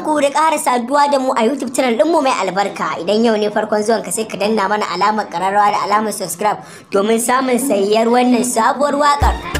ku da ƙara saduwa da mu a YouTube channel ɗinmu mai albarka. Idan yau ne farkon zuwan ka sai ka danna mana alamar ƙararrawa da alamar subscribe domin samun sayyar wannan sabuwar waƙar.